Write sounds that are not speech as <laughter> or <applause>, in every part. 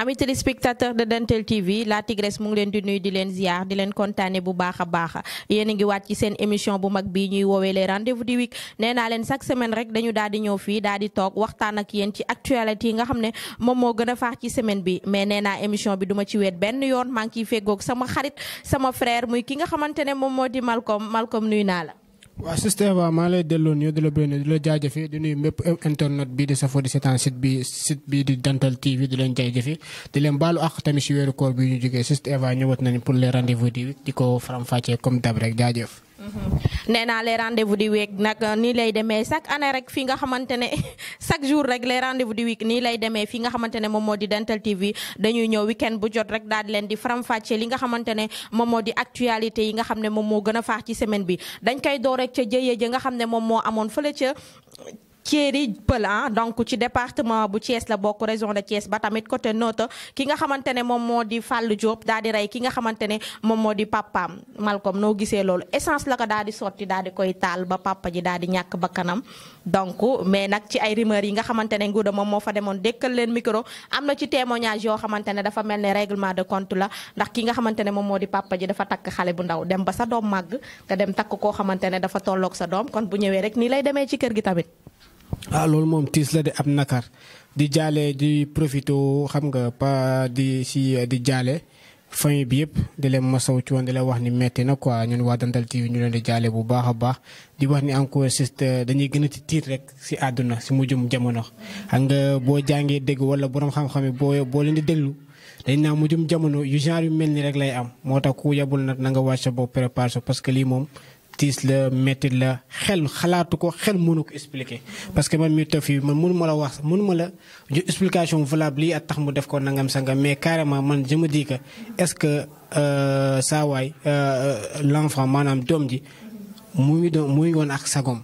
ami téléspectateur de Dental TV la Tigresse mu ngi leen di nuyu di leen ziar di leen kontaane bu baax a baax a ngi waat ci seen émission bu mag bii ñuy woowee les rendez-vous du week nee leen chaque semaine rek dañu daal di ñëw fii daal di toog waxtaan ak yéen ci actualité yi nga xam ne moom moo gën a faax ci semaine bi mais nee naa émission bi du ma ci weet benn yoon maa ngi ciy feggoog sama xarit sama frère muy ki nga xamante ne moom moo di Malcolm Malcolm nuyu naa la waaw système waaw maa lay delloo nuyoo di la bëri di la jaajëfee di nuyu mépp internet bi di safoo di seetaan site bi site bi di Dental TV di leen jaajëfee di leen baalu àq tamit si weeru koor bi ñu jógee Siste Eva ñëwaat nañu pour les rendez-vous di di ko faram-fàccee comme dab rek jaajëf. Mhm. nee naa les rendez-vous du nag euh, nii lay demee chaque année rek fii nga xamante ne <laughs> chaque jour rek les rendez-vous du week nii lay demee fii nga xamante ne moom moo di Dental TV dañuy ñëw week-end bu jot rek daal di leen di faram li nga xamante ne moom moo di actualité yi nga xam ne moom moo gën a faax ci semaine bi dañ koy door rek ca jëyee ja nga xam ne moom moo amoon fële ca Thierry Pelin donc ci département bu Thiès la bokk région de Thiès ba tamit côté Notto ki nga xamante ne moom moo di Fallou Diop daal di ki nga xamante ne moom moo di papaam Malcolm noo gisee loolu essence la ko daal di sotti daal di koy taal ba papa ji daal di ñàkk bakkanam donc mais nag ci ay rumeurs yi nga xamante ne nguuda moom moo fa demoon dékkal leen micro am na ci témoignage yoo xamante ne dafa mel ni règlement de compte la ndax ki nga xamante ne moom moo di papa ji dafa takk xale bu ndaw dem ba sa doom màgg nga dem takk koo xamante ne dafa tolloog sa doom kon bu ñëwee rek nii lay demee ci kër gi tamit ah loolu moom tiis la de ab nakar di jaale di profité xam nga pa di si di jaale famille bi yëpp di leen masaw ci woon di leen wax ni metti na quoi ñun waa Dentale TV ñu leen di jaale bu baax a baax di wax ni encore juste dañuy gën a ci tiit rek si àdduna si mujjum jamono. xam nga boo jàngee dégg wala borom xam-xam yi boo boo leen di déglu dañ naa mujjum jamono yu genre yu mel ni rek lay am moo tax ku yabul nag na nga wàcc sa bopp préparation parce que lii moom. tiis la métti la xel xalaatu ko xel mënu ko expliquer. parce que man mii toog fii man ma la wax man ma la ju explication valable lii ak tax mu def ko nangam sanga mais carrément man je me dis que est-ce que euh, saa waay euh, l'enfant maanaam doom ji mu ngi doon mu ngi ak sagom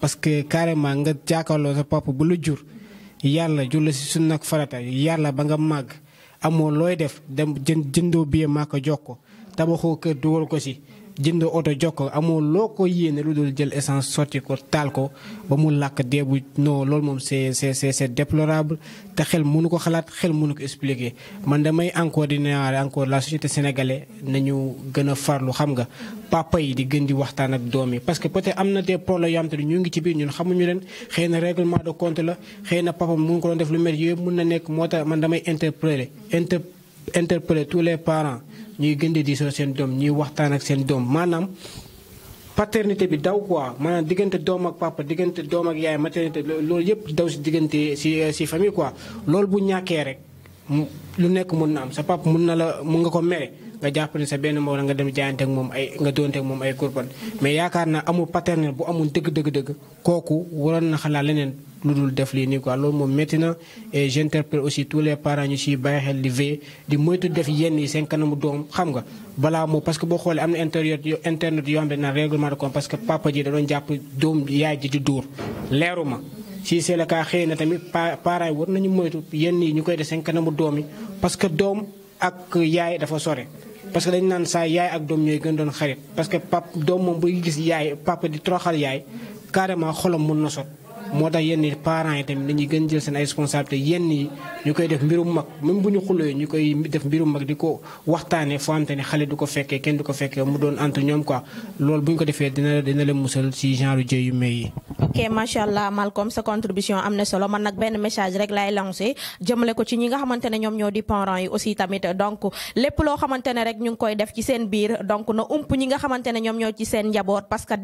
parce que carrément nga jàkkaarloo sa papa bu la jur yàlla jur la si sunna ak farata yàlla ba nga màgg amoo looy def dem jën jëndoo bi màkk jox ko tabaxoo kër dugal ko si. jënd oto jox ko amoo loo ko yéene lu dul jël essence sotti ko taal ko ba mu làkk deebu non loolu moom c'est c'est c'est déplorable te xel mënu ko xalaat xel munu ko expliquer man damay encore di newaare encore la société sénégalaise nañu gën a lu xam nga papa yi di gën di waxtaan ak doom yi parce que peut-être am na des problèmes ñu ngi ci biir ñun xamuñu leen xëy na règlement de compte la xëy na papa mu ko doon def lu mel yooyu mun na nekk moo tax man damay interpeller interpeller tous les parents ñuy gën di diisoo seen doom ñuy waxtaan ak seen doom maanaam paternité bi daw quoi maanaam diggante doom ak papa diggante doom ak yaay maternité loolu yëpp daw si diggante si eh, si famille quoi loolu bu ñàkkee rek mu lu nekk mun na am sa papa mun na la mun nga ko mere nga jàpp sa benn moom la nga dem jaayante ak moom ay nga doonte ak moom ay kurban mais yaakaar na amul paternel bu amul dëgg dëgg dëgg kooku waroon na xalaat lu dul def lii nii quoi loolu moom métti na et j'interpelle aussi tous les parents ñu siy bàyyi xel di veillé moytu def yenn yi seen kanamu doom xam nga balaa moo parce que boo xoolee am na intérieur internet yoo xam ne naan règlement de compte parce papa ji da doon jàpp doom yaay ji di dóor leeru ma si c'est le xëy na tamit parents yi war nañu moytu yenn yi ñu koy def seen kanamu doom parce que doom ak yaay dafa sore parce que dañu naan saa yaay ak doom ñooy gën doon xarit parce que pap doom moom buy gis yaay papa di toroxal yaay carrément xolom mun na sot moo tax yenn parents yi tamit dañuy gën jël seen ay responsabilités yenn yi ñu koy def mbirum mag même bu ñu xuloo ñu koy def mbirum mag di ko waxtaanee foo xamante ne xale du ko fekkee kenn du ko fekkee mu doon entre ñoom ñoo di parents yi aussi tamit donc lépp loo xamante ne rek ñu ngi koy def ci seen biir donc na ump ñi nga xamante ne ñoom ñoo ci seen njaboot parce que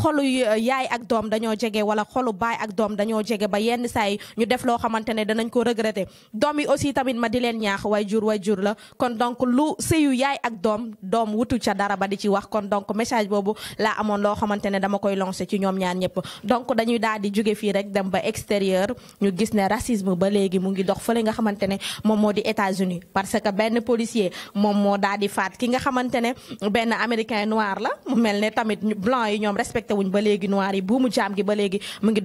xolu yaay ak doom dañoo jege wala xolu baay ak doom dañoo jege ba yenn saay ñu def loo xamante ne danañ ko regretter doom yi aussi tamit ma di leen ñaax way jur way jur la kon donc lu sëyu yaay ak doom doom wutu ca dara ba di ci wax kon donc message boobu laa amoon loo xamante ne dama koy lancer ci ñoom ñaar ñëpp donc dañuy daal di jóge fii rek dem ba extérieur ñu gis ne racisme ba léegi mu ngi dox fële nga xamante ne moom moo di États-Unis parce que benn policier moom moo daal di faat ki nga xamante ne benn américain noir la mu mel ne tamit blanc yi wuñ ba léegi noir yi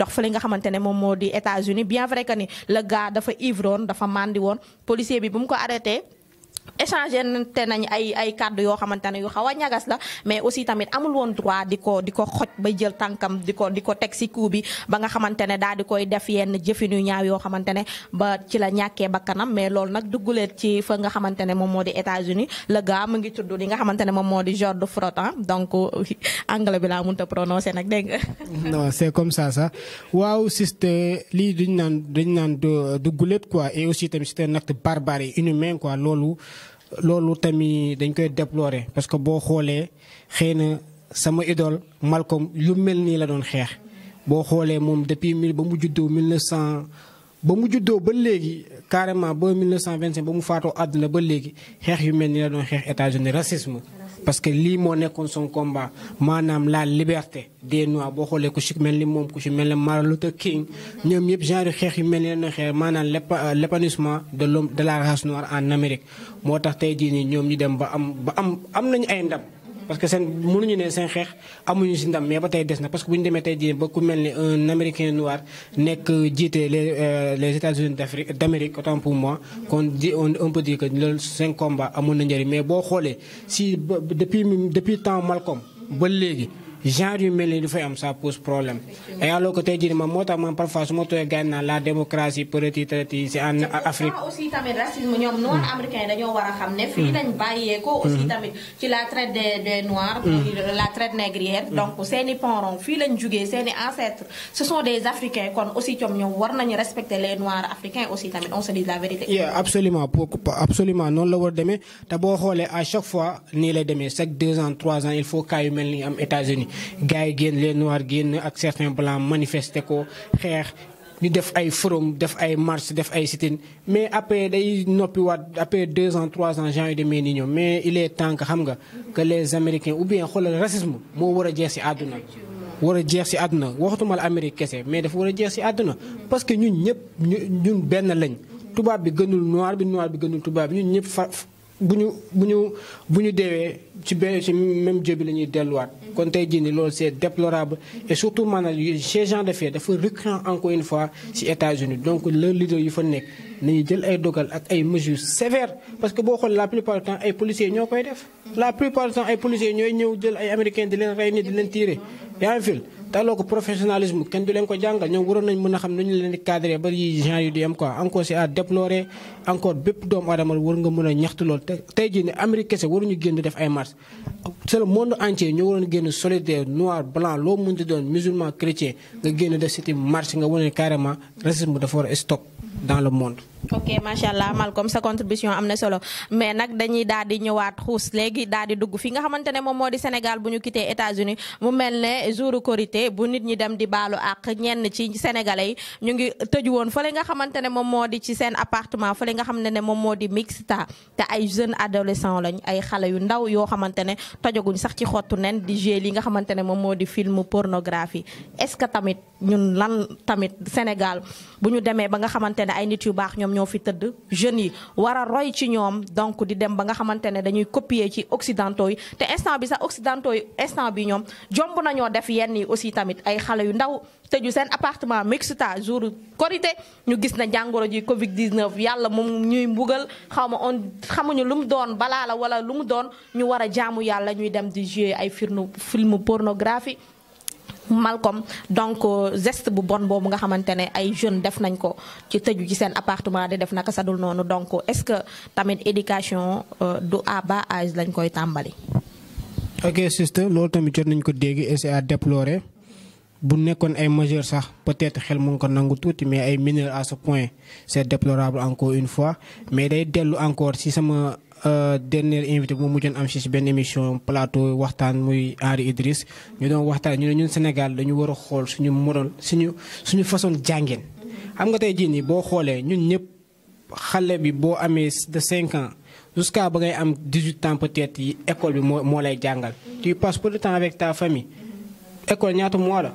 ak fële nga xamante ne moom moo di États-Unis bien vrai que ni le gars dafa ivre woon dafa màndi woon policier bi bu mu ko arrêté. échanger te nañ ay ay kàddu yoo xamante ne yu xaw a ñagas la mais aussi tamit amul woon droit di ko di ko xoj ba jël tànkam di ko di ko teg si ku bi ba nga xamante ne daal di koy def yenn jëfin yu ñaaw yoo xamante ne ba ci la ñàkkee bakkanam mais loolu nag dugguleet ci fa nga xamante ne moom moo di États-Unis la gaa mu ngi tudd li nga xamante ne moom moo di George Floyd donc <laughs> anglais bi laa mënut a prononcer nag dégg nga. <laughs> c'est comme ça ça waaw c'est lii dañu naan dañu naan euh, dugguleet quoi et aussi tamit c'est un acte barbare et inhumain quoi loolu. loolu tamit dañ koy déplorer parce que boo xoolee xëy na sama idole Malcolm yu mel nii la doon xeex boo xoolee moom depuis mille ba mu juddoo mille neuf cent ba mu juddoo ba léegi carrément ba 1925 ba mu faatoo àdduna ba léegi xeex yu mel nii la doon xeex États-Unis racisme parce que lii moo nekkoon son combat maanaam la liberté des noirs boo xoolee ku si mel ni moom ku si mel ni Martin Luther King ñoom ñëpp genre xeex yu mel ni na xeex maanaam euh, l'épanouissement de l'homme de la race en Amérique moo tax tey jii nii ñoom ñu dem ba am ba am am nañu ay ndam. parce que seen mënuñu ne seen xeex amuñu si ndam mais ba tey des na parce que bu ñu demee tey jii ba ku mel ni un américain noir nekk jiite les euh, les États-Unis d'Afrique d'Amérique autant pour moi. kon di on peut dire que loolu seen combat amoon na njëriñ mais boo xoolee si depuis depuis temps Malcolm ba léegi. genre yu mel du dafay am ça pose problème et alors que tey jii man moo tax man parfois su ma tooyee gànn naa la démocratie petit à petit c'est Afrique. aussi tamit racisme dañoo war a ne. fii dañ mm-hmm. bàyyeekoo. aussi mm-hmm. la traite des des noirs. Mm-hmm. la traite fii lañ jugee seen i des africains kon aussi comme ñoom war nañu respecter les noirs africains aussi tamit on se dit la vérité. oui absolument noonu la war a demee te boo xoolee à chaque fois nii lay demee chaque deux ans trois ans il faut cas yu mel ni am États-Unis gars yi génn les noirs génn ak certains blancs manifester ko xeex ñu def ay forum def ay marche def ay sit mais après day noppiwaat après deux ans trois ans gens yu demee ni ñoom mais il tànk xam nga que les américains ou bien xoolal racisme moo war a jeex si àdduna. war a jeex si àdduna waxatuma la Amérique kese mais dafa war a jeex si àdduna parce que ñun ñëpp ñun benn lañ tubaab bi gënul noir bi noir bi gënul tubaab bi ñun ñëpp fa. bu ñu bu ñu bu ñu deewee ci benn ci même jeu bi la ñuy delluwaat. Mhm. kon tey ji nii loolu c' est déplorable. Mhm. et surtout maanaam ces gens de fait dafa récurrent encore une fois si mhm. États-Unis donc la leader yu fa nekk nañu jël ay dogal ak ay mesures sévères parce que boo xoolee la plupart du temps ay policiers ñoo koy def. la plupart du temps ay policiers ñooy ñëw jël ay américains di leen rey nii di leen tiire. yaa ngi fil te ko professionnalisme kenn du leen ko jàngal ñoom waroon nañ mën a xam nu ñu leen di cadré ba yi genre yu di am quoi encore c'est à déplorer encore bépp doomu aadama war nga mën a ñaxtu lool te tey jii ne Amérique kese waruñu génn def ay marche c'est le monde entier ñoo waroon génn solidaire noir blanc loo mën di doon musulman chrétien nga génn def siti marche nga wane carrément racisme dafa war a stop dans le monde. ok macha allah Malcolm sa contribution am na solo mais nag dañuy daal di ñëwaat xuus léegi daal di dugg fi nga xamante ne moom moo di Sénégal bu ñu quitté États-Unis mu mel ne jouru Korité bu nit ñi dem di baalu ak ñenn ci sénégalais yi ñu ngi tëju woon fële nga xamante ne moom moo di ci seen appartement fële nga xam ne moom moo di mixta te ay jeunes adolescents lañ ay xale yu ndaw yoo xamante ne tojaguñ sax ci xottu nen di jouer li nga xamante ne moom moo di film pornographie est-ce que tamit ñun lan tamit Sénégal xamante ay nit yu baax ñoom ñoo fi tëdd jeunes yi war roy ci ñoom donc di dem ba nga xamante ne dañuy copier ci occidentaux yi te instant bi sax occidentaux yi instant bi ñoom jomb nañoo def yenn yi aussi tamit ay xale yu ndaw tëju seen appartement mixta jour korité ñu gis na jàngoro ji Covid 19 yàlla moom ñuy mbugal xaw ma on xamuñu lu mu doon balaa la wala lu mu doon ñu war a jaamu yàlla ñuy dem di jouer ay film pornographie Malcom donc euh, geste bu bon boobu nga xamante ne ay jeunes def nañ ko ci tëju ci seen appartement di def naka sadul noonu donc est-ce que tamit éducation euh, du à bas lañ koy tàmbali. ok sister loolu tamit jot nañ ko dégg et c'est déplorer bu nekkoon ay majeur sax peut-être xel mu ngi ko nangu tuuti mais ay mineur à ce point c'est déplorable encore une fois mais day dellu encore ci sama. Euh, dernier invité bu mu mujjoon am si benn émission plateau waxtaan muy Henri Idriss ñu doon waxtaan ñu ne ñun Sénégal dañu war a xool suñu modèle suñu suñu façon jàngeen. xam nga tey jii nii boo xoolee ñun ñëpp xale bi boo amee de 5 ans jusqu'à ba ngay am 18 ans peut-être yi école bi moo moo lay jàngal. tu passes peu de temps avec ta famille école ñaata mois la.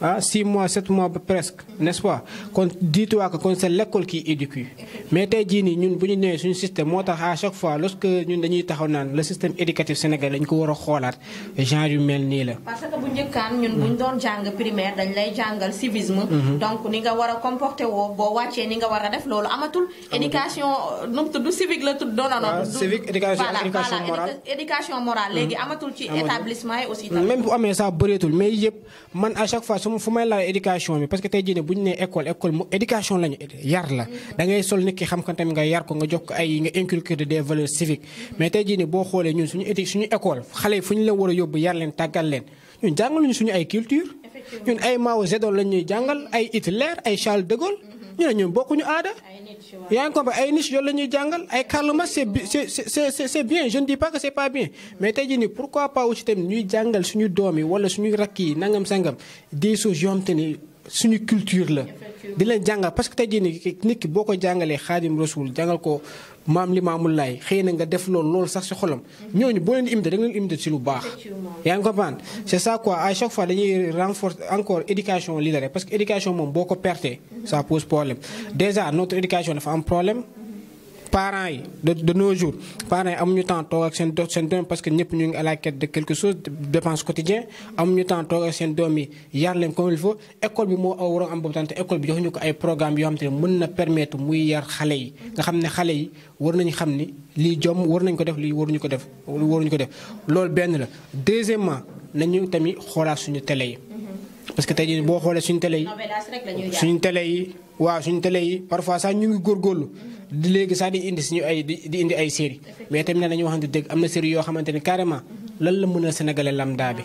ah 6 mois 7 mois ba presque n'est-ce pas kon diituwaa ko kon c'est l'école qui éduque mais tey jii nii ñun bu ñu ñëwee suñu système moo tax à chaque fois lorsque ñun dañuy taxaw naan le système éducatif sénégalais dañu ko war a xoolaat genre yu mel nii la. parce que bu njëkkaan ñun bu ñu doon jàng primaire dañ lay jàngal civisme. Mhm. donc ni nga war a comporté woo boo wàccee ni nga war a def loolu amatul. éducation nu mu tudd civique la tudd. non non non ah, civique éducation éducation morale mhm. éducation amatul ci établissement yi aussi. même bu amee sax su fu may laal éducation bi parce que tey jii ne bu ñu nee école école mu éducation lañu yar la da sol nit ki xam kan tamit nga yar ko nga jox ko ay nga inculquer des valeurs civiques mais tey jii boo xoolee ñun suñu éthique suñu école xale yi fu ñu la war yóbbu yar leen tàggal leen ñun jàngaluñu suñu ay culture ñun ay Mao Zedong lañ ñuy jàngal ay it Hitler ay Charles de Gaulle ñu ne ñoom bokkuñu aada. yaa ngi ay niche yooyu la ñuy jàngal ay Karl Marx c'est bien jeune ne dis pas que bien mais tey jii pour pourquoi pas aussi tamit ñuy jàngal suñu doom yi wala suñu rakk yi nangam sangam des choses yoo xam suñu culture la. di leen jàngal parce que tey jii nii nit ki boo ko jàngalee xaadim rasul jàngal ko maam li maamul laay xëy na nga def loolu lool sax si xolam. Mhm. ñooñu boo leen imité danga nga leen imité si lu baax. yaa ngi comprendre mhm. c' à chaque fois dañuy renforcer encore éducation li la rek parce que éducation moom boo ko pertee mhm. ça pose problème déjà notre éducation dafa am problème. parents yi de de nos jours parents yi amuñu temps toog ak seen doom seen parce que ñëpp ñu ngi à la quête de quelque chose dépense quotidien amuñu temps toog ak seen doom yi yar leen comme il faut école bi moo aw waroon am boobu tamit école bi joxuñu ko ay programme yoo xam te ne mën na permettre muy yar xale yi nga xam ne xale yi war nañu xam ni lii jom war nañu ko def lii waruñu ko def waruñu ko def loolu benn la deuxièmement nañu tamit xoolaat suñu télé yi parce que tey boo xoolee suñu télé suñu télé waaw suñu télé yi sax ñu ngi góorgóorlu di léegi sax di indi suñu ay di indi ay série mais tamit ne nañu waxante dëgg am na série yoo xamante ne carrément lan la mën a sénégalais lambda bi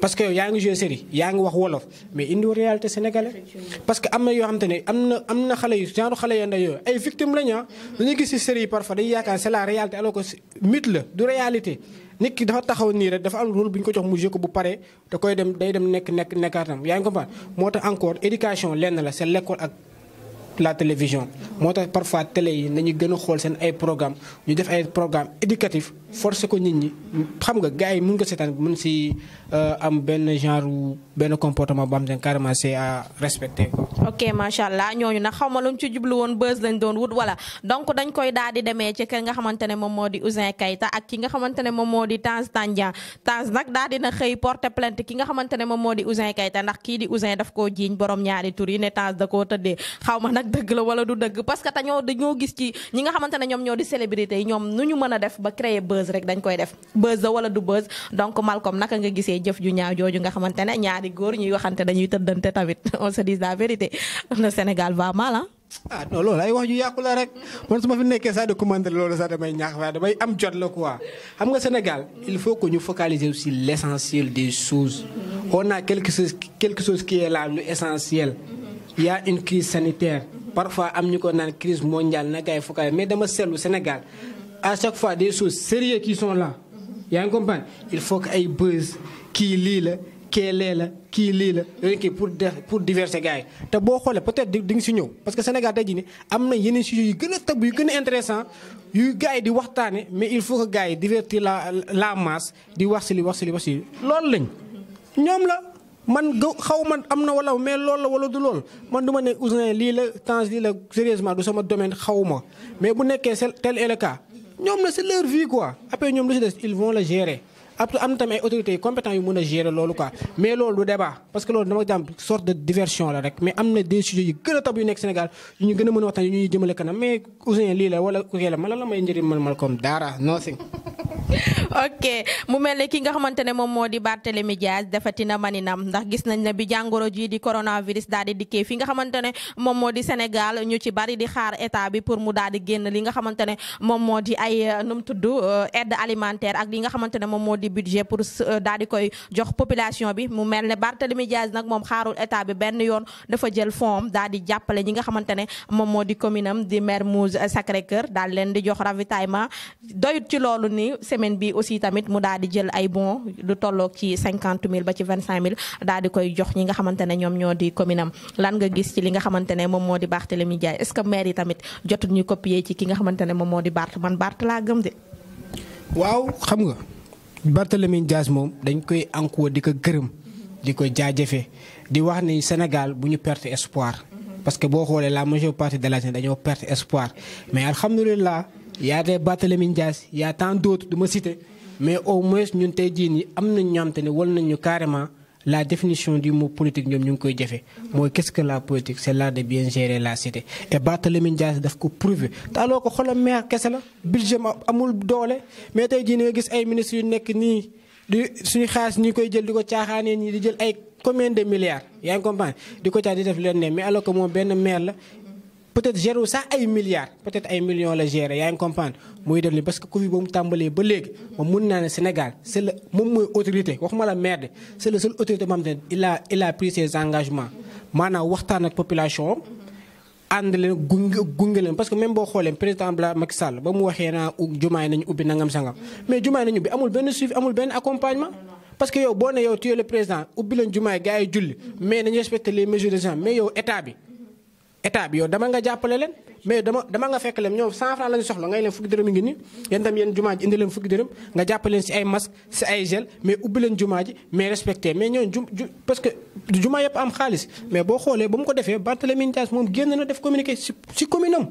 parce que yaa ngi joué série yaa ngi wax wolof mais indi réalité sénégalais parce que am na yoo xamante ne am na am na xale yu genre xale yu ndaw yooyu ay victime lañu ah dañuy gis si série yi parfois dañuy yaakaar c'est la réalité alors que la du réalité nit ki dafa taxaw nii rek dafa am rôle bu ñu ko jox mu ko bu paree da koy dem day dem nekk nekk nekkaatam yaa ngi comprendre moo tax encore éducation lenn la c'est l'école ak la télévision moo tax parfois télé yi nañu gën a xool seen ay programme ñu def ay programme éducatif forcé ko nit ñi xam nga gars yi mën ko seetaan mën si euh, am benn genre benn comportement bu am seen carrément c'est à respecter ok macha allah ñooñu nag xaw ma lu ñu ci jublu woon buzz lañ doon wut wala donc dañ koy daal di demee ci kër nga ne moom moo di Ouzin Keita ak ki nga xamante ne moom moo di Tange Tandian Tange nag daal dina xëy porter plainte ki nga xamante ne moom moo di Ouzin Keita ndax kii di Ouzin daf koo jiiñ borom ñaari tur da koo tëddee xaw nag dëgg la wala du dëgg parce que te ñoo dañoo gis ci ñi nga ne ñoom ñoo di célébrité yi ñoom def ba buzz rek dañ koy def buzz la wala du buzz donc Malcom naka nga gisee jëf ju ñaaw jooju nga xamante ne ñaari góor ñuy waxante dañuy tëddante tamit <laughs> on se dit la vérité le Sénégal va mal ah. ah non la rek man su ma fi nekkee sax de commandé am jot la quoi xam nga Sénégal il faut que ñu focaliser sur l' essentiel des choses. on a quelque chose quelque chose qui est là lu essentiel. il a une crise sanitaire. parfois am ñu ko naan crise mondiale na gars yi focaliser mais dama seetlu Sénégal à chaque fois des choses sérieuses qui son là yaa ngi comprendre il faut que ay buzz kii lii la kee la kii lii la yooyu kii pour pour diverser gars yi te boo xoolee peut-être di nga si ñëw parce que Sénégal tey jii nii am na yeneen sujets yu gën a tabu yu gën a intéressant yu gars yi di waxtaane mais il faut que gars yi divertir la la masse di wax si li wax si li wax si loolu lañ ñoom la man ga xaw am na wala mais loolu la wala du loolu man du ma ne Ouzin lii la Tange lii la sérieusement du sama domaine xaw ma mais bu nekkee tel est le ñoom la c'est leur vie quoi après ñoom la si des ils vont la gérer après am na tamit ay autorités yu compétents yu mën a gérer loolu quoi mais loolu du débat parce que loolu dama jàmm sorte de diversion la rek mais am na des sujets gën a tab yu nekk Sénégal yu a mën a waxtaan yu ñuy jëmale kanam mais <laughs> nga xamante ne di Sénégal ñu ci bari di xaar état bi pour mu daal di génn li nga xamante ne di ay nu mu euh, aide alimentaire ak li nga xamante ne di budget pour euh, daal di koy jox population bi mu mel ne Barthélemy Diaz nag moom xaarul état bi benn yoon dafa jël fond am di jàppale ñi nga xamante ne moom moo di commune am di Mermoz Sacré-Cœur daal leen di jox ravitaillement doyut ci loolu ni semaine bi aussi tamit mu daal di jël ay bon lu tolloog ci cinquante mille ba ci vingt cinq mille daal di jox ñi nga xamante ne ñoom ñoo di commune lan nga gis ci li nga xamante ne moom moo di Barthélemy Diaz est-ce que maire yi tamit jotuñu copier ci ki nga xamante ne moom moo di Barth man Barth laa gëm de waaw xam nga Barthélémy Dias moom dañ koy encouragé di ko gërëm di ko jaajëfee di wax ni Sénégal bu ñu perte espoir. parce que boo xoolee la majeure partie de la dañoo perte espoir mais alhamdulilah y a des Barthélémy Dias temps a tant d'autres du ma cité mais au moins ñun tey jii nii am na ñoom te ne wal nañ ñu carrément. la definition di mot politique ñoom ñu ngi koy jafe mooy qu'est-ce que la politique c'est l'art de bien gérer la cité et Barthélémy Dias daf ko prouver te ko que xoolal maire kese la budget amul doole mais tey jii nga gis ay ministres yu nekk nii di suñu xaalis ñu koy jël di ko caaxaanee ñi di jël ay combien de milliards yaa ngi di ko caax di leen ne mais alors que moom benn maire la peut-être gérer sax ay milliards peut-être ay millions la gérer yaa ngi comprendre muy def li parce que Covid boobu mu tàmbalee ba léegi moom mun naa ne Sénégal c'est le moom mooy autorité waxuma la maire de c'est le seul autorité boo xam ne il a il a pris ses engagements maanaam waxtaan ak population ànd leen gunge gunge leen parce que même boo président Bla Macky Sall ba mu waxee naa jumaay nañu ubbi nangam sangam mais jumaay nañu ubbi amul benn suivi amul bi état bi yow dama nga jàppale leen mais dama dama nga fekk leen ñoom 100 francs la ñu soxla ngay leen fukki dërëm yi ngi nii yéen tam jumaa ji indi leen fukki dërëm nga jàppale leen si ay masque si ay gel mais ubbi leen jumaa ji mais respecté mais ñoom yëpp am xaalis mais boo xoolee ba mu ko defee Barthélémy Dias moom génn na def communiqué si si commune am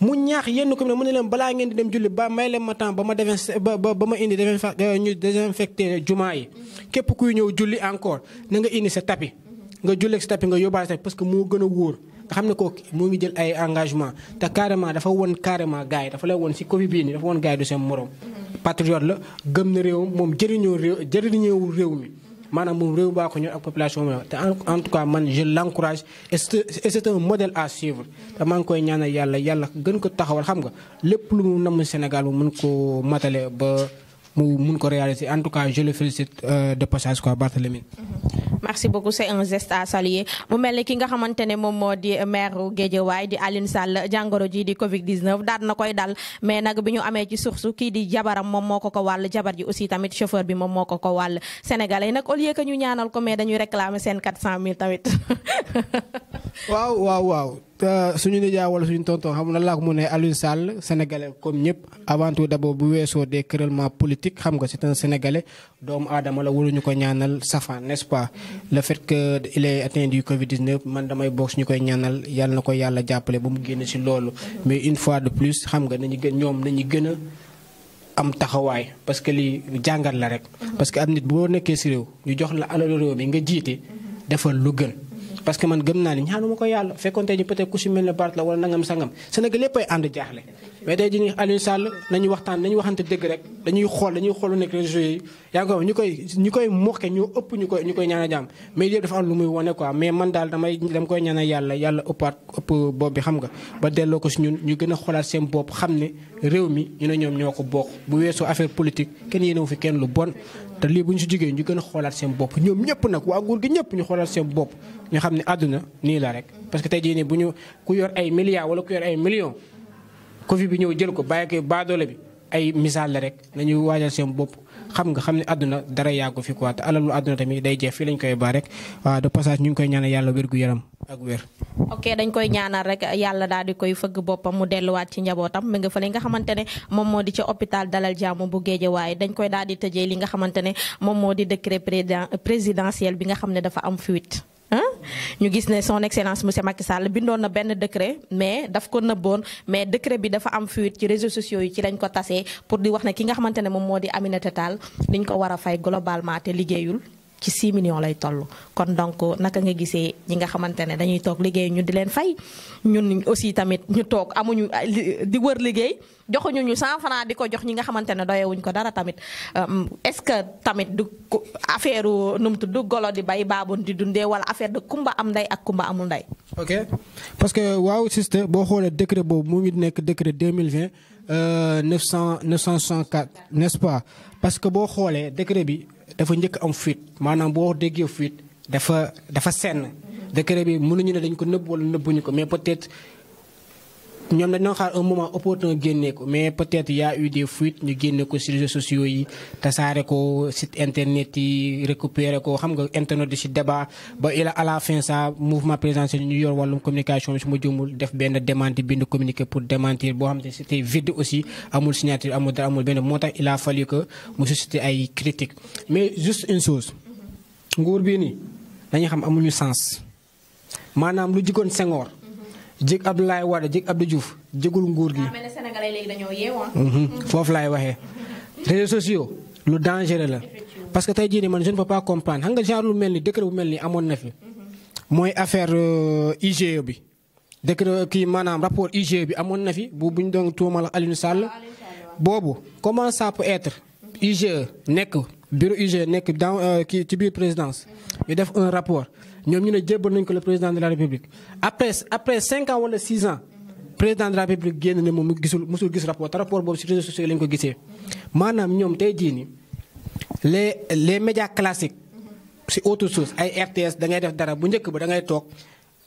mu ñaax yenn commune mu ne leen balaa ngeen di dem julli ba may leen ma temps ba ma defee ba ba ma indi defee euh, ñu képp kuy ñëw julli encore na nga indi sa tapi nga julleeg sa tapi nga yóbbaale sa parce que moo gën a wóor nga xam ne ko moo ngi jël ay engagement te carrément dafa won carément gars yi dafa lay won si Covid bii nii dafa won gars du seen morom. patriote la gëm na réewam moom jëriñoo réew jëriñoo réew mi. maanaam moom réew baa ko ñor ak population bi te en tout cas man je l' encourage et c' à suivre te maa ngi koy ñaanal yàlla yàlla gën ko taxawal xam nga lépp lu mu namm Sénégal mu mun ko matale ba mu mun ko réaliser en tout cas je le félicite euh, de passage quoi Barthélémy mm-hmm. merci beaucoup c'est un geste à saluer mu mel ni ki nga xamante ne moom moo di maire Guédiawaye di Alioune Sall jàngoro ji di Covid 19 daal na koy dal mais nag bi ñu amee ci source kii di jabaram moom moo ko ko wàll jabar ji aussi tamit chauffeur bi moom moo ko ko wàll sénégalais nag au lieu que ñu ñaanal ko mais dañuy réclamer seen 400000 tamit. <laughs> waaw waaw waaw. Euh, suñu nijaay wala suñu tonton xam na laa ko mu ne Alioune Sall sénégalais comme ñëpp avant tout d'abord bu weesoo des querellements politiques xam nga c'est un sénégalais doomu aadama la waruñu ko ñaanal safaan n'est-ce le fait que il est atteint du Covid 19 man damay bokk ñu koy ñaanal yàlla na ko yàlla jàppale ba mu génn si loolu. mais une fois de plus xam nga nañ gën ñoom nañu gën a am taxawaay parce que lii jàngat la rek. parce que am nit boo nekkee si réew ñu jox la alalu réew mi nga jiite defal lu gën. parce que man gëm naa ni ñaanuma ko yàlla fekkoonte ñu peut-être ku ci mel ne Barth la wala nangam sangam Sénégal léppay ànd jaaxle. mais tey jii nii Aliou Sall nañu waxtaan nañu waxante dëgg rek dañuy xool dañuy xool lu nekk réseaux yi yaa ngi ñu koy ñu koy moxke ñoo ëpp ñu koy ñu koy ñaanal jàmm mais yëpp dafa am lu muy wane quoi mais man daal damay dama koy ñaanal yàlla yàlla ëppaat ëpp bopp bi xam nga ba delloo ko si ñun ñu gën a xoolaat seen bopp xam ne réew mi ñu ne ñoom ñoo ko bokk bu weesoo affaire politique kenn yéenewu fi kenn lu bon te lii bu ñu si jógee ñu gën a xoolaat seen bopp ñoom ñëpp nag waa nguur ñëpp ñu xoolaat seen bopp ñu xam ne àdduna nii la rek que tey jii nii ñu ku yor ay milliards wala ku yor ay Covid bi ñëw jël ko bàyyi ko baadoole bi ay misaal la rek nañu waajal seen bopp xam nga xam ne àdduna dara yàggu fi quoi te alalu àdduna tamit day jeex fii lañ koy baax rek waaw de passage ñu ngi koy ñaanal yàlla wér gu yaram ak wér. ok dañ koy ñaanal rek yàlla daal di koy fëgg boppam mu delluwaat ci njabootam mi nga fa li nga xamante ne moom moo di ca hôpital Dalal Jàmm bu waaye dañ koy daal di tëjee li nga xamante ne moom moo di décret présidentiel bi nga xam ne dafa am fuite. ñu gis ne son excellence monsieur Macky Sall bindoon na benn décret mais daf ko nëbboon mais décret bi dafa am fuite ci réseaux sociaux yi ci lañ ko tasee pour di wax ne ki nga xamante ne moom moo di Aminata taal liñ ko war a fay globalement te liggéeyul. ci 6 millions lay toll kon donc naka nga gisee ñi nga xamante ne dañuy toog liggéey ñu di leen fay ñun aussi tamit ñu toog amuñu ah, di wër liggéey joxuñu ñu 100 francs di ko jox ñi nga xamante ne doyewuñ ko dara tamit euh, est-ce que tamit du affaire nu mu tudd golo di bay baabon di dundee wala affaire de kumba am ndey ak kumba amul ndey. ok parce que waaw sister boo xoolee décret boobu mu ngi nekk décret 2020 900 964 n'est-ce pas parce que boo xoolee décret bi. dafa njëkk am fuite maanaam boo déggee fuite dafa dafa senn décret bi mënuñu ne dañ ko nëbb wala nëbbuñu ko mais peut-être ñoom dañu doon xaar un moment opportun génne ko mais être y a eu ko ci réseaux sociaux yi ko site internet yi récupérer ko xam nga internet di ci ba il à la fin ça mouvement présidentiel ñu yor wàllum communication bi su ma jëmul def benn démenti bind communiqué pour démentir boo xam ne c'était vide aussi amul signature amul dara amul benn moo tax il a fallu que mu suscité ay critiques mais juste une chose nguur bii nii xam amuñu sens maanaam lu jigoon Senghor jég Abdoulaye Wade jég Abdou Diouf jégul nguur gi. Ah, ah. mhm. foofu laay waxee. réseaux sociaux lu dangereux la. parce que tey jii nii man je ne peux pas comprendre xam nga genre lu mel ni décret bu mel ni amoon na fi. mooy affaire ug euh, e bi. décret kii maanaam rapport ug e bi amoon na fi bu bu ñu doon tuumal Alioune sàll boobu comment ça peut être. IGE nekk bureau IGE nekk dans euh, kii ci biir présidence. Mhm. ñu def un rapport. ñoom ñu ne jébbal nañ ko le président de la république après après 5 ans wala 6 ans président de la république génn ne moom mu gisul mosul gis rapport te rapport boobu ci réseaux sociaux lañ ko gisee. maanaam ñoom tey jii nii les les médias classiques ci autre source ay RTS da ngay def dara bu njëkk ba da ngay toog.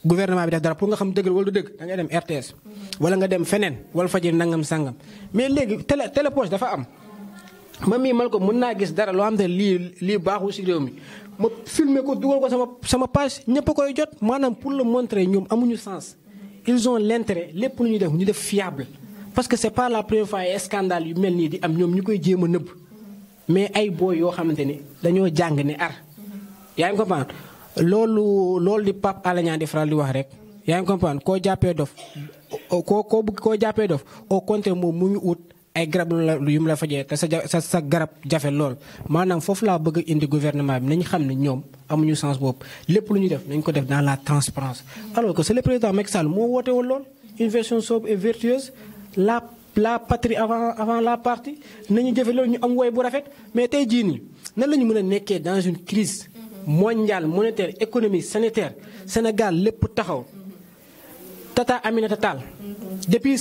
gouvernement bi def dara pour nga xam dëgg la wala du dëgg dangay dem RTS wala nga dem feneen wala fajir nangam sangam mais léegi télé télépoche dafa am ma mii mal ko mën naa gis dara loo xam ne lii lii baaxul si réew mi ma filmer ko dugal ko sama sama page ñëpp koy jot maanaam pour le montrer ñoom amuñu sens ils ont l'intérêt lépp lu ñu def ñu def fiable parce que c'est par la première fois ay scandale yu mel nii di am ñoom ñu koy jéem a nëbb mais ay booy yoo xamante ni dañoo jàng ne ar yaa ngi comprendre loolu loolu di Pape Alé Niang di faral di wax rek yaa ngi comprendre koo jàppee dof koo koo koo jàppee dof o contraire moom mu ñu ut ay garab yu mu la fajee te sa sa sa garab jafe lool maanaam foofu laa bëgg a indi gouvernement bi nañu xam ne ñoom amuñu sens boobu lépp lu ñu def nañ ko def dans la transparence alors que c'est le président Macky Sall moo woote woon lool une sobre et vertueuse la la patrie avant avant la partie nañu jëfe loolu ñu am woy bu rafet mais tey jii nii nan la ñu mën a nekkee dans une crise mondiale monétaire économie sanitaire Sénégal lépp taxaw Tata Aminata Tall depuis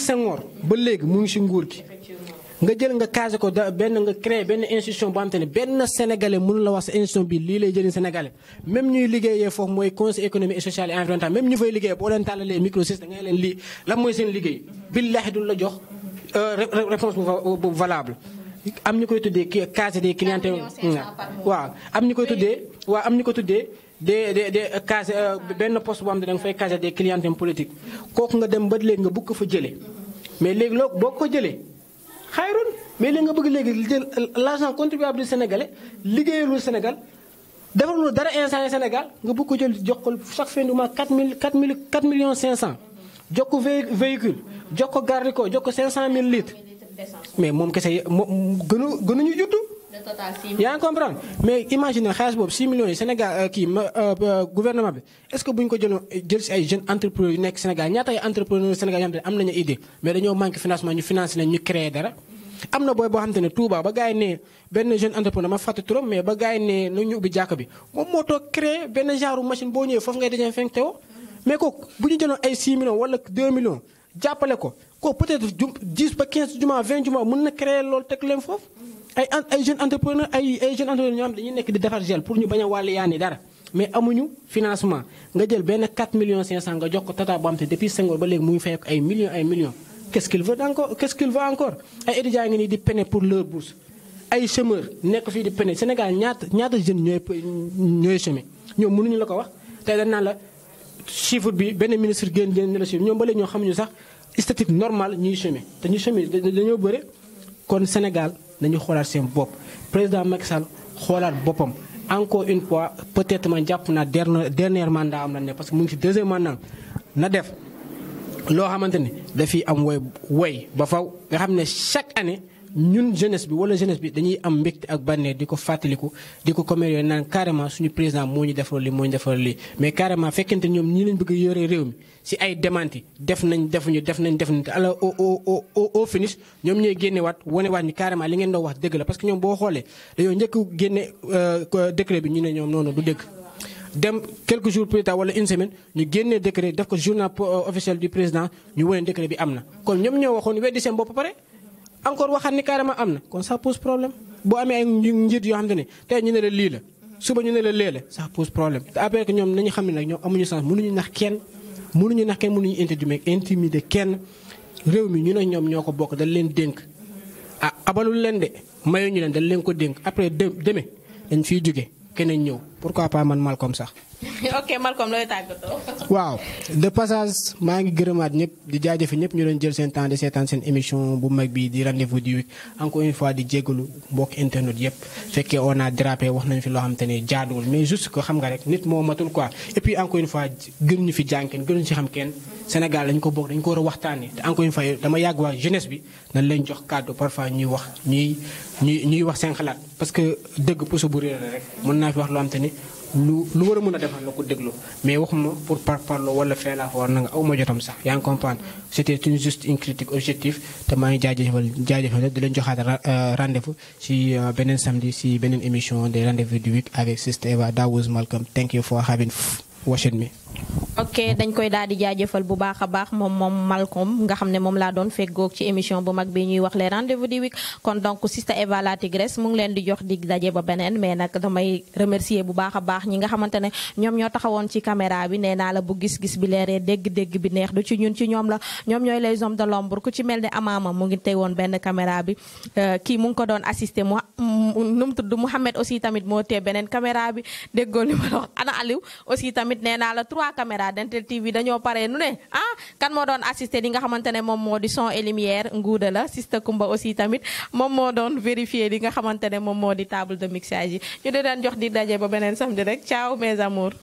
nga jël nga casé ko benn nga créé benn institution bu xam te ne benn sénégalais mënu la wax sa institution bi lii lay jëriñ sénégalais même ñuy liggéeyee foofu mooy conseil économique et social et environnemental même ñu fay liggéey boo leen tàllalee micro sis leen lii lan mooy seen liggéey billaahi duñ la jox euh, réponse bu valable am ñu koy tuddee case des clientèles waaw am ñu koy tuddee waaw am ñu ko tuddee des des des euh, euh, benn poste boo xam ne da nga politique kooku nga dem ba léegi nga bugg ko fa jëlee mais léegi loo boo ko jëlee xayrun mais li nga bëgg léegi jël l' argent contribuable du sénégalais liggéeyalul Sénégal defalul dara instant yi Sénégal nga bëgg ko jël jox ko chaque fin du mois 4 mille 4 mille 4 millions cent jox ko véhicule jox ko garde ko jox ko 500000 litres mais moom kese yi moom gënu gënuñu juddu. yaa ngi comprendre mais imagine xaalis boobu 6 millions yi Sénégal euh, kii ma euh, euh, bi est-ce que bu ñu ko jëloon jël si ay jeunes entrepreneurs yu nekk Sénégal ñaata ay entrepreneurs Sénégal yoo xam ne am nañu idée mais dañoo manqué financement ñu financé leen ñu créé dara. am na booy boo xam te ne Touba ba gars yi benn jeune entrepreneur ma fàtte trop mais ba gars yi ne na ñu ubbi jàkk bi moom moo toog créé benn genre machine boo ñëwee foofu ngay dajee fenk teewoo. mais kooku bu ñu ko kooku peut-être ju 10 na créé loolu teg leen foofu. ay ay jeunes entrepreneurs ay ay jeunes entrepreneurs ñoo xam dañuy nekk di defar gel pour ñu bañ a wàll yaani dara mais amuñu financement nga jël benn 4 millions cent nga jox ko tata boo xam te depuis Senghor ba léegi mu ngi fay ak ay millions ay millions. qu'est-ce qu'il veut encore qu'est-ce ay étudiants ngi nii di peine pour leur bourse ay chômeurs nekk fii di peine Sénégal ñaata ñaata jeunes ñooy ñooy chômer ñoom mënuñu la ko wax tey dañ naan la chiffre bi benn ministre génn génn la chiffre ñoom ba léegi ñoo xamuñu sax statistique normale ñuy chômer te ñuy chômer dañoo bëre kon Sénégal. nañu xoolaat seen bopp président Macky Sall xoolaat boppam encore une fois peut-être jàpp naa dernier dernier mandat am la ne parce que mu ngi si deuxième mandat na def loo xamante ne dafi am woy woy ba faw nga xam ne chaque année. ñun jeunesse bi wala jeunesse bi dañuy am mbégte ak bànneex di ko fàttaliku di ko commérer naan carrément suñu président moo ñu defaral li moo ñu defaral li mais carrément fekkente ñoom ñi lañ bëgg yore réew mi si ay def nañ defuñu def nañ def ala au au au au finish ñoom ñooy génnewaat wanewaat li ngeen doon wax dëgg la parce que ñoom boo xoolee dañoo njëkk génne euh, décret bi ñu ne ñoom noonu du dëgg. dem quelques jours plus tard wala une semaine ñu génnee décret def ko journal euh, officiel du président ñu wane décret bi am na kon ñoom ñoo waxoon weddi seen pare. encore waxaat ni carrément am na kon ça pose problème boo amee ay njiit yoo xam ne tey ñu ne la lii la suba ñu ne la lee la ça pose problème te après que ñoom nañu xam ne nag ñoom amuñu sens mënuñu nax kenn mënuñu nax kenn mënuñu intimider intimider kenn réew mi ñu ne ñoom ñoo ko bokk dañ leen dénk ah abalul leen de mayu ñu leen dañ leen ko dénk après demee dañ fiy jóge keneen ñëw pourquoi pas man Malcom sax. <laughs> <laughs> waaw de passage maa ngi gërëmaat ñëpp di jaajëfee ñëpp ñu doon jël seen temps di seetaan seen émission bu mag bi di rendez-vous du week encore une fois di jégalu mbokk internet yëpp fekkee on a wax nañu fi loo xam te ne jaaduwul mais juste que xam nga rek nit moo matul quoi et puis encore une fois gënuñu fi jàng kenn gënuñu si xam kenn Sénégal dañu ko bokk dañu ko war a waxtaanee te encore une fois dama yàgg waa jeunesse bi nañ leen jox kàddu parfois ñuy wax ñuy ñuy parce que dëgg puso bu réer la naa fi wax loo xam te lu lu war a mën a defar la ko déglu mais waxuma pour par parlo wala feelaa fa war na aw ma jotam sax yaa ngi comprendre c'était une juste une critique objective te maa ngi jaajëfal jaajëfal di leen joxaat euh, rendez-vous si euh, beneen samedi si beneen émission des rendez-vous du 8 avec Sister Eva that was Malcolm thank you for having watched me ok dañ koy daal di jaajëfal bu baax a baax moom moom Malcolm nga xam ne moom laa doon feggoog ci émission bu mag bi ñuy wax les rendez-vous du week kon donc Sista Eva la Tigresse mu leen di jox dig daje ba beneen mais nag damay remercier bu baax a baax ñi nga xamante ne ñoom ñoo taxawoon ci caméra bi nee naa la bu gis-gis bi leeree dégg-dégg bi neex du ci ñun ci ñoom la ñoom ñooy les hommes de l'ombre ku ci mel ne amaama mu ngi teewoon benn caméra bi euh, kii mu ngi ko doon assisté mu nu mu tudd Mouhamed aussi tamit moo tee beneen caméra bi déggoo li ma wax ana Aliou aussi tamit nee naa Canada Dental TV dañoo paree nu ne ah kan moo doon assisté li nga xamante ne moom moo di son et lumière nguuda la sista Kumba aussi tamit moom moo doon vérifié li nga xamante ne moom moo di table de mixage yi ñu dee daan jox di daje ba beneen samedi rek ciao mes amours